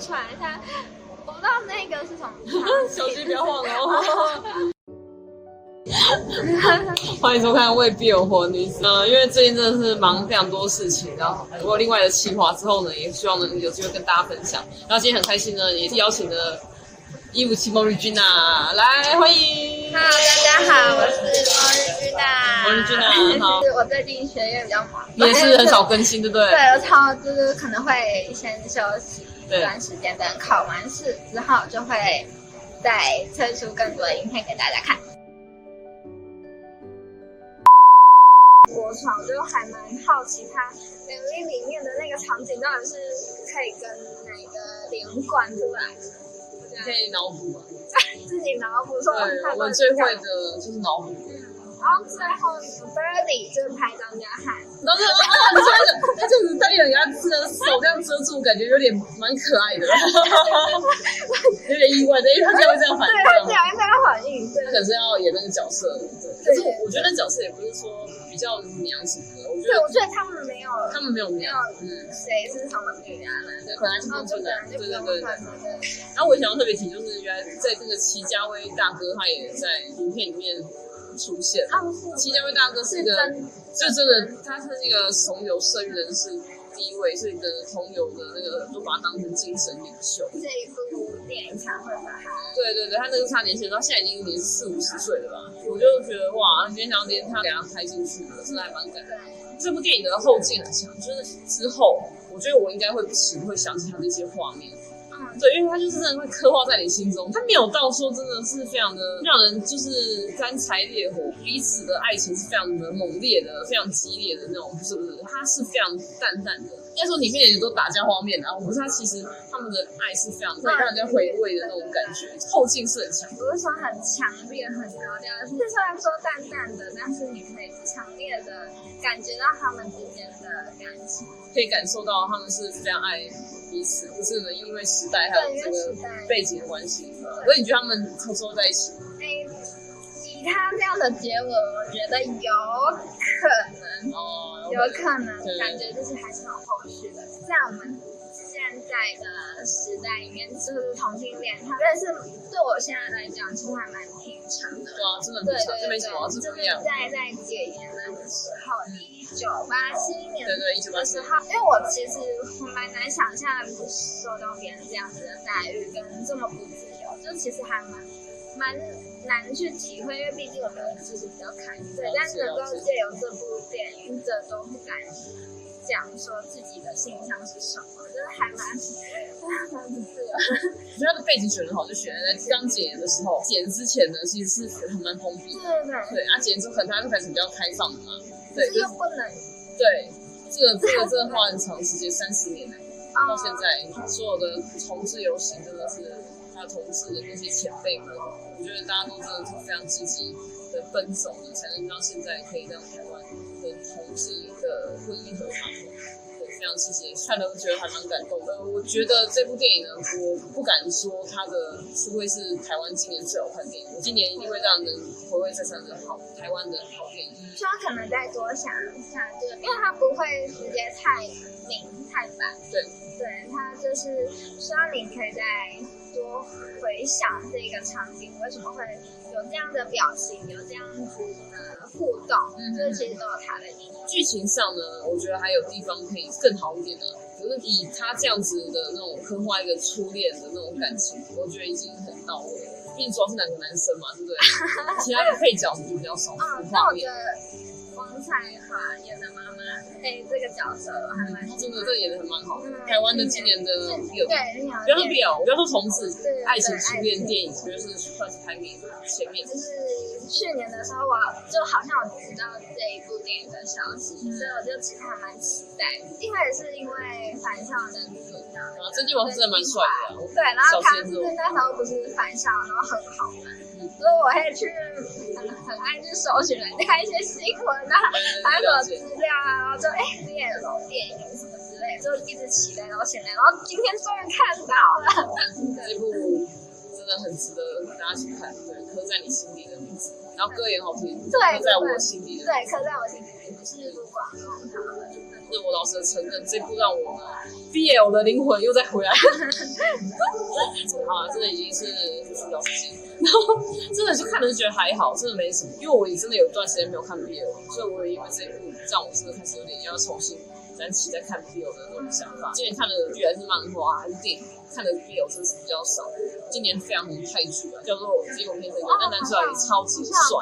喘一下，我不知道那個是什麼。 小心不要晃哦！ 歡迎收看《為 BL 活的女子》呃。嗯，因為最近真的是忙非常多事情，然後我有另外的企劃之後呢，也希望能有機會跟大家分享。然後今天很開心呢，也是邀請了157 MorriGina，來歡迎。Hello，大家好，我是 MorriGina。MorriGina，你好。我最近學業比較忙，也、哎、是，是很少更新，對不對？對，他就是可能會先休息。一段時間等考完試之後，就會再推出更多的影片給大家看。我操，就還蠻好奇，Uno … outzers, 他 MV 裡面的那個場景到底是可以跟哪個連貫出來？可以腦補，自己腦補。對，我們最會的就是腦補。然後最後，Birdy 就是拍張家漢。Don't know, don't know, 就是人家這個手這樣遮住，感覺有點蠻可愛的， 有點意外的， 因為他不會這樣反應樣。對他這樣應該會反應，對。他可是要演那個角色對對對。可是我覺得那個角色也不是說比較娘什麼的，我覺得，我覺得他們沒有，他們沒有娘，嗯，誰是長得最娘的？就很難區分的，就對對對然後、 啊、我也想要特別提，就是原來在這個祁家威大哥，他也在影片裡面。出現，祁家威大哥是、那、一個，這真的，就真的、嗯，他是那個從恿聖人是第一位，所以真的同運的那個都把他當成精神領袖。這一部電影才會把他，對對對，他那個差年輕到現在已經已經四五十歲了吧？我就覺得哇，祁家威連他給他拍進去了，真的還蠻感動。這部電影的後勁很強，就是之後，我覺得我應該會不時會想起他的一些畫面。對，因為他就是真的會刻畫在你心中，他沒有到說真的是非常的讓人就是乾柴烈火，彼此的愛情是非常的猛烈的，非常激烈的那種，不是不是？他是非常淡淡的，應該說裡面也就都打架方面，然後不是他其實他們的愛是非常讓人回味的那種感覺，哦，後勁是很強。不是說很強烈很高調，是雖然說淡淡的，但是你可以強烈的感覺到他們之間的感情，可以感受到他們是非常愛。彼此就是呢，因為時代還有這個背景的關係，所以你覺得他們合作在一起嗎？以他這樣的結尾，我覺得有可能，哦、okay, 有可能對對對，感覺就是還是很後續的。在我們現在的時代裡面，就是同性戀，他但是對我現在來講，其實還蠻平常的。對啊，真的對，這沒什麼，現、就是、在在解嚴的時候。嗯九八七年，對對，一九八四號。因為我其實蠻難想象就是受到別人這樣子的待遇跟，跟這麼不自由，就其實還蠻蠻難去體會，因為畢竟我們就是比較開明。對，但是能夠借由這部電影，這都不敢講說自己的現象是什麼，我覺得還蠻，我覺得他的背景選的好，就選了在剛解嚴的時候，解嚴之前呢，其實是的對，對對對，啊、還蠻封閉，對啊，解嚴之後可能他就開始比較開放了，對，不能對這個混了，對這個這個真的花很長時間，三十年來到 現在 所有的同志遊行，真的是他同志的那些前輩們。 我覺得大家都真的是非常積極的奔走了，才能到現在可以這樣，台灣跟同志婚姻合法，對，非常直接，看了我覺得還蠻感動的。的我覺得這部電影呢，我不敢說它的是不會是台灣今年最好看的電影，我今年一定會讓人回味這三的，的好台灣的好電影。希望可能再多想一下，就是因為它不會直接太明太白。對對，它就是希望你可以在。我回想這個場景，為什麼會有這樣的表情，有這樣子的互動，嗯嗯就是、其實都有他的意義。劇情上呢，我覺得還有地方可以更好一點的。就是以他這樣子的那種刻畫一個初戀的那種感情，我覺得已經很到位了。畢竟主要是兩個男生嘛，對不對？ 其他的配角就比較少畫面、哦、的蔡華演的媽媽，哎、欸，這個角色還蠻，他真的這個、演的還蠻好。嗯、台灣的今年的對，對，對，不要說表，不要說從此愛情初戀電、就是、電影，就是得算是排名前面。就是去年的時候，我就好像有知道這一部電影的消息，嗯、所以我就其實還蠻期待。一開始是因為返校的女王，啊，曾敬驊是真的蠻帥的、啊，對，對，然後他就是那時候不是返校然後很好嘛、嗯，所以我還去很、嗯、很愛去搜尋人家一些新聞啊。 還有什麼資料啊？然後就哎，電、欸、影、電影什麼之類，就一直期待到現在。然後今天終於看到了。這一部真的很值得大家去看，對，刻在你心裡的名字，然後歌也好聽，對，刻在我心裡的對對對，對，刻在我心裡的名字，就是我。是我老實承認，這一部讓我呢 BL 的靈魂又再回來。真 的、 哦啊、已經是比較近，然後真的就看了就覺得還好，真的沒什麼。因為我也真的有一段時間沒有看 BL，所以我也因為這一部，讓我真的開始有點要重新。咱起在看 BL 的那種想法。今年看的劇還是蠻多，是一定看的 BL 真是比較少。今年非常的泰劇啊，叫做《驚鴻片影》，那男主角也超級帥。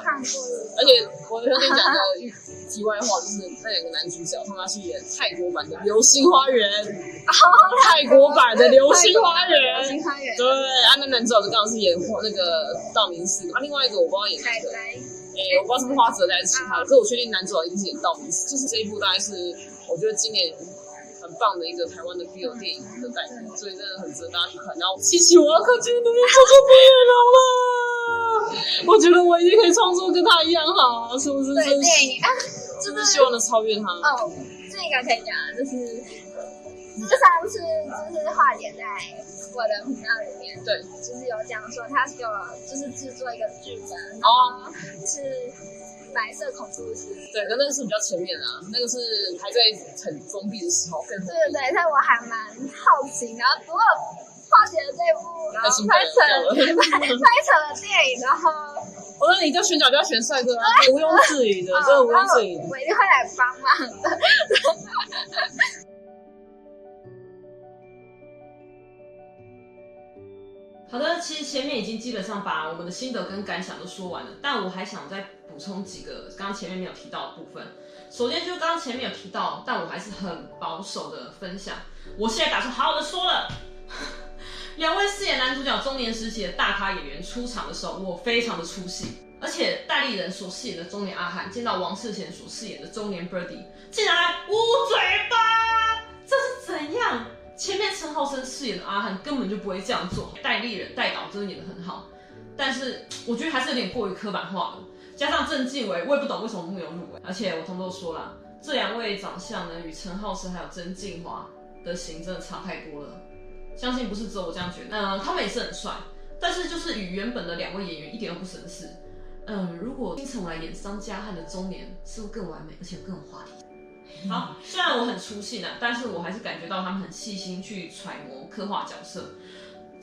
而且我想跟你講個題外話，就是那兩個男主角他們要去演泰國版的《流星花園》 泰花園，泰國版的《流星花園》。對，啊，那男主角就剛好是演那個道明寺，啊寺，啊，另外一個我不知道演哪個。誒、欸，我不知道是不是花澤還是其他的，以、啊、我確定男主角一定是演道明寺，就是這一部大概是。我覺得今年很棒的一個台灣的 BL 電影的誕生，嗯，所以真的很值得大家去看。然後謝謝我要看這個東西，創作不也了？我覺得我一定可以創作跟他一樣好，是不是？真的希望能超越他。哦，這個可以講，就是就、嗯、上次、嗯、就是樺姐、嗯就是、在我的頻道裡面，對，就是有講說他有就是製作一個劇本，哦、啊，就是。白色恐怖是，對，那個是比較前面的，啊，那個是還在很封閉的時候。對對對，所以我還蠻好奇然後不過，好奇的這部然後拍成拍成了電影，然後我說，哦、你就選角就要選帥哥，啊，毋庸置疑的，就毋庸置疑，哦我。我一定會來幫忙的。 好的，其實前面已經基本上把我們的心得跟感想都說完了，但我還想再補充幾個剛剛前面沒有提到的部分。首先，就剛剛前面有提到，但我還是很保守的分享。我現在打算好好的說了。兩 位飾演男主角中年時期的大咖演員出場的時候，我非常的出戲。而且，戴立忍所飾演的中年阿漢見到王世賢所飾演的中年 Birdy，竟然還捂嘴巴，這是怎樣？前面陳昊森飾演的阿漢根本就不會這樣做，戴立忍戴導真的演得很好，但是我覺得還是有點過於刻板化了。加上鄭敬偉，我也不懂為什麼木有入圍。而且我同們都說了，這兩位長相呢與陳昊森還有曾敬驊的形真的差太多了。相信不是只有我這樣覺得，嗯、呃，他們也是很帥，但是就是與原本的兩位演員一點都不神似。嗯、呃，如果經常來演商家漢的中年，是不是更完美，而且更有話題。好，雖然我很粗心啊，但是我還是感覺到他們很細心去揣摩刻畫角色，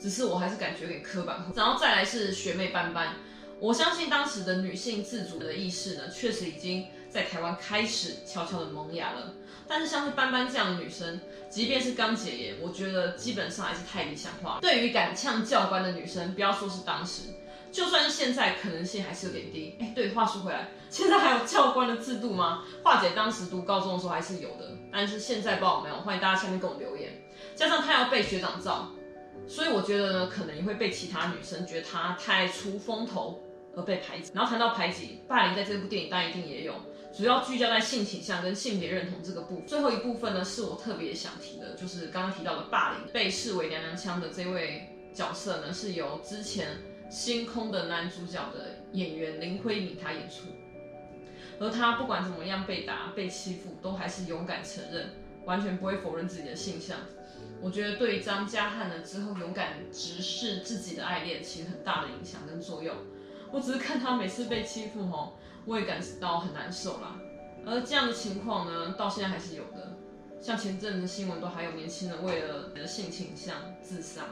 只是我還是感覺有點刻板。然後再來是學妹班班，我相信當時的女性自主的意識呢，確實已經在台灣開始悄悄的萌芽了。但是像是班班這樣的女生，即便是剛解嚴，我覺得基本上還是太理想化了。對於敢嗆教官的女生，不要說是當時。就算現在可能性還是有點低。哎，對，話說回來，現在還有教官的制度嗎？樺姐當時讀高中的時候還是有的，但是現在不好沒有。歡迎大家下面跟我留言。加上他要被學長罩，所以我覺得呢，可能也會被其他女生覺得他太出風頭而被排擠。然後談到排擠、霸凌，在這部電影當然一定也有。主要聚焦在性傾向跟性別認同這個部分。最後一部分呢，是我特別想提的，就是剛剛提到的霸凌，被視為娘娘腔的這位角色呢，是由之前。星空的男主角的演員林暉閔，他演出，而他不管怎麼樣被打、被欺負，都還是勇敢承認，完全不會否認自己的性向。我覺得對張家漢呢，之後勇敢直視自己的愛戀，其實很大的影響跟作用。我只是看他每次被欺負吼，我也感到很難受啦。而這樣的情況呢，到現在還是有的。像前陣子的新聞都還有年輕人為了性傾向自殺，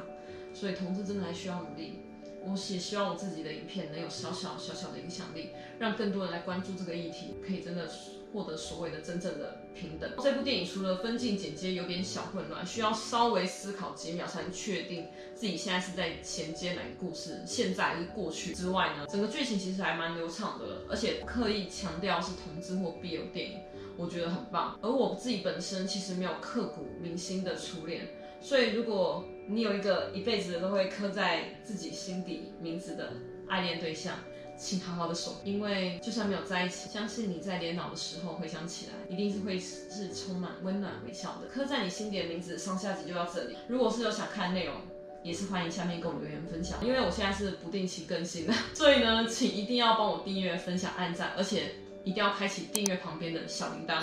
所以同志真的還需要努力。我也希望我自己的影片能有小小小小，小的影響力，讓更多人來關注這個議題，可以真的獲得所謂的真正的平等。這部電影除了分鏡剪接有點小混亂，需要稍微思考幾秒才能確定自己現在是在銜接哪個故事，現在還是過去之外呢，整個劇情其實還蠻流暢的，而且刻意強調是同志或 BL 電影，我覺得很棒。而我自己本身其實沒有刻骨銘心的初戀，所以如果。你有一個一輩子都會刻在自己心底名字的愛戀對象，請好好的守，因為就算沒有在一起，相信你在年老的時候回想起來，一定是會是充滿溫暖微笑的。刻在你心底的名字，上下集就到這裡。如果是有想看的內容，也是歡迎下面跟我留言分享，因為我現在是不定期更新的，所以呢，請一定要幫我訂閱、分享、按讚，而且一定要開啟訂閱旁邊的小鈴鐺，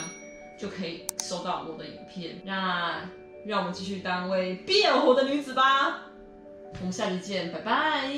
就可以收到我的影片。那。讓我們繼續當為 BL 活的女子吧，我們下期見，拜拜。